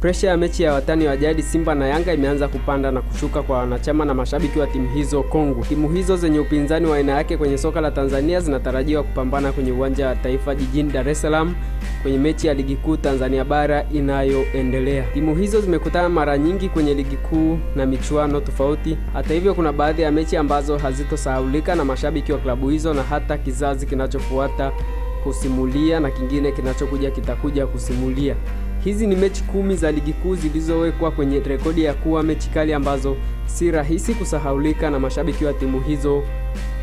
Presha ya mechi ya watani wa jadi Simba na Yanga imeanza kupanda na kushuka kwa wanachama na mashabiki wa timu hizo kongwe. Timu hizo zenye upinzani wa aina yake kwenye soka la Tanzania zinatarajiwa kupambana kwenye uwanja wa Taifa jijini Dar es Salaam kwenye mechi ya ligi kuu Tanzania bara inayoendelea. Timu hizo zimekutana mara nyingi kwenye ligi kuu na michuano tofauti. Hata hivyo, kuna baadhi ya mechi ambazo hazitosahaulika na mashabiki wa klabu hizo na hata kizazi kinachofuata kusimulia na kingine kinachokuja kitakuja kusimulia. Hizi ni mechi kumi za ligi kuu zilizowekwa kwenye rekodi ya kuwa mechi kali ambazo si rahisi kusahaulika na mashabiki wa timu hizo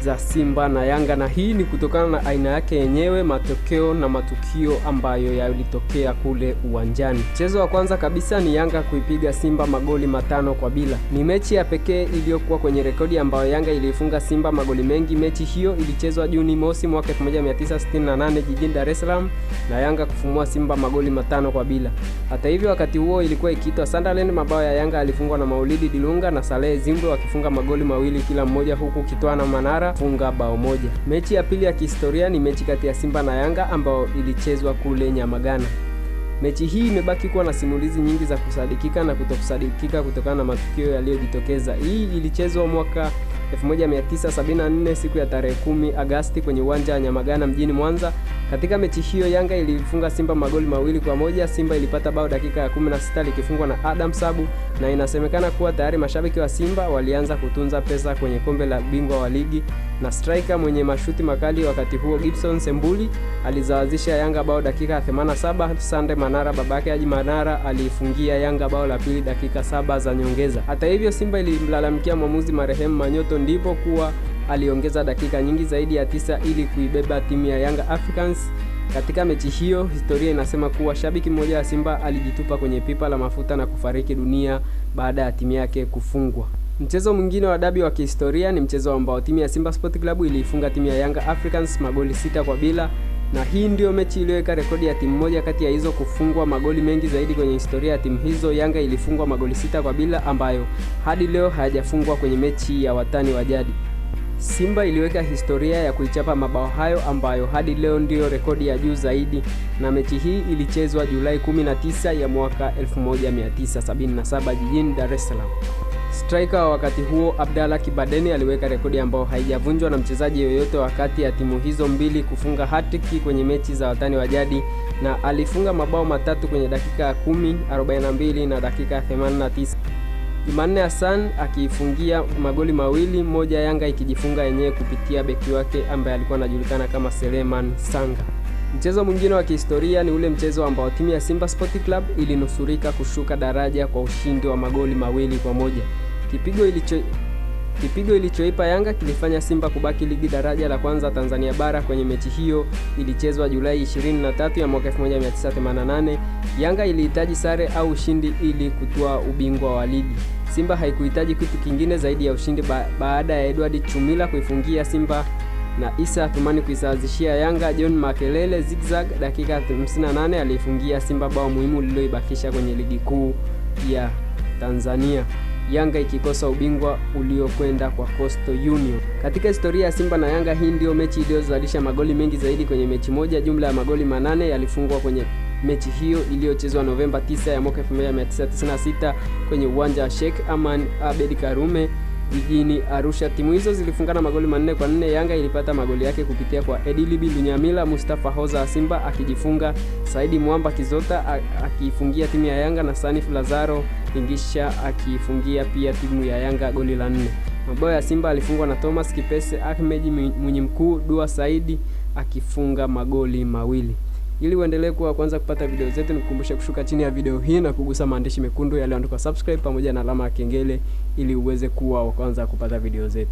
za Simba na Yanga, na hii ni kutokana na aina yake yenyewe, matokeo na matukio ambayo yalitokea kule uwanjani. Mchezo wa kwanza kabisa ni Yanga kuipiga Simba magoli matano kwa bila. Ni mechi ya pekee iliyokuwa kwenye rekodi ambayo Yanga iliifunga Simba magoli mengi. Mechi hiyo ilichezwa Juni mosi mwaka 1968 jijini Dar es Salaam na Yanga kufumua Simba magoli matano kwa bila. Hata hivyo, wakati huo ilikuwa ikiitwa Sunderland. Mabao ya Yanga yalifungwa na Maulidi Dilunga na Salehe Zimbwe wakifunga magoli mawili kila mmoja, huku Kitwana Manara wakafunga bao moja. Mechi ya pili ya kihistoria ni mechi kati ya Simba na Yanga ambayo ilichezwa kule Nyamagana. Mechi hii imebaki kuwa na simulizi nyingi za kusadikika na kutokusadikika kutokana na matukio yaliyojitokeza. Hii ilichezwa mwaka 1974 siku ya tarehe 10 Agasti kwenye uwanja wa Nyamagana mjini Mwanza katika mechi hiyo Yanga ilifunga Simba magoli mawili kwa moja. Simba ilipata bao dakika ya 16 likifungwa na Adam Sabu, na inasemekana kuwa tayari mashabiki wa Simba walianza kutunza pesa kwenye kombe la bingwa wa ligi, na striker mwenye mashuti makali wakati huo Gibson Sembuli alizawazisha Yanga bao dakika 87. Sande Manara babake Haji Manara aliifungia Yanga bao la pili dakika saba za nyongeza. Hata hivyo, Simba ilimlalamikia mwamuzi marehemu Manyoto ndipo kuwa aliongeza dakika nyingi zaidi ya tisa ili kuibeba timu ya Young Africans. Katika mechi hiyo, historia inasema kuwa shabiki mmoja wa Simba alijitupa kwenye pipa la mafuta na kufariki dunia baada ya timu yake kufungwa. Mchezo mwingine wa dabi wa kihistoria ni mchezo ambao timu ya Simba Sport Club iliifunga timu ya Young Africans magoli sita kwa bila, na hii ndiyo mechi iliyoweka rekodi ya timu moja kati ya hizo kufungwa magoli mengi zaidi kwenye historia ya timu hizo. Yanga ilifungwa magoli sita kwa bila ambayo hadi leo hayajafungwa kwenye mechi ya watani wa jadi. Simba iliweka historia ya kuichapa mabao hayo ambayo hadi leo ndiyo rekodi ya juu zaidi, na mechi hii ilichezwa Julai 19 ya mwaka 1977 jijini Dar es Salaam. Striker wa wakati huo Abdalla Kibadeni aliweka rekodi ambayo haijavunjwa na mchezaji yoyote wakati ya timu hizo mbili kufunga hatiki kwenye mechi za watani wa jadi, na alifunga mabao matatu kwenye dakika ya 10, 42 na dakika 89. Jumanne Hassan akiifungia magoli mawili, moja Yanga ikijifunga yenyewe kupitia beki wake ambaye alikuwa anajulikana kama Seleman Sanga. Mchezo mwingine wa kihistoria ni ule mchezo ambao timu ya Simba Sport Club ilinusurika kushuka daraja kwa ushindi wa magoli mawili kwa moja. Kipigo ilicho kipigo ilichoipa Yanga kilifanya Simba kubaki ligi daraja la kwanza Tanzania bara. Kwenye mechi hiyo ilichezwa Julai 23 ya mwaka 1988, Yanga ilihitaji sare au ushindi ili kutoa ubingwa wa ligi. Simba haikuhitaji kitu kingine zaidi ya ushindi ba baada ya Edward Chumila kuifungia Simba na Isa thumani kuisawazishia Yanga. John Makelele zigzag dakika 58 aliifungia Simba bao muhimu lililoibakisha kwenye ligi kuu ya Tanzania, Yanga ikikosa ubingwa uliokwenda kwa Coastal Union. Katika historia ya Simba na Yanga, hii ndiyo mechi iliyozalisha magoli mengi zaidi kwenye mechi moja. Jumla ya magoli manane yalifungwa kwenye mechi hiyo iliyochezwa Novemba 9 ya mwaka 1996 kwenye uwanja wa Sheikh Aman Abed Karume jijini Arusha. Timu hizo zilifungana magoli manne kwa nne. Yanga ilipata magoli yake kupitia kwa Edilibi Lunyamila, Mustafa Hoza wa Simba akijifunga, Saidi Mwamba Kizota akiifungia timu ya Yanga na Sanif Lazaro Ingisha akiifungia pia timu ya Yanga goli la nne. Mabao ya Simba alifungwa na Thomas Kipese, Ahmed mkuu Dua Saidi akifunga magoli mawili. Ili uendelee kuwa kwanza kupata video zetu, nikukumbusha kushuka chini ya video hii na kugusa maandishi mekundu yaliyoandikwa subscribe pamoja na alama ya kengele ili uweze kuwa wa kwanza kupata video zetu.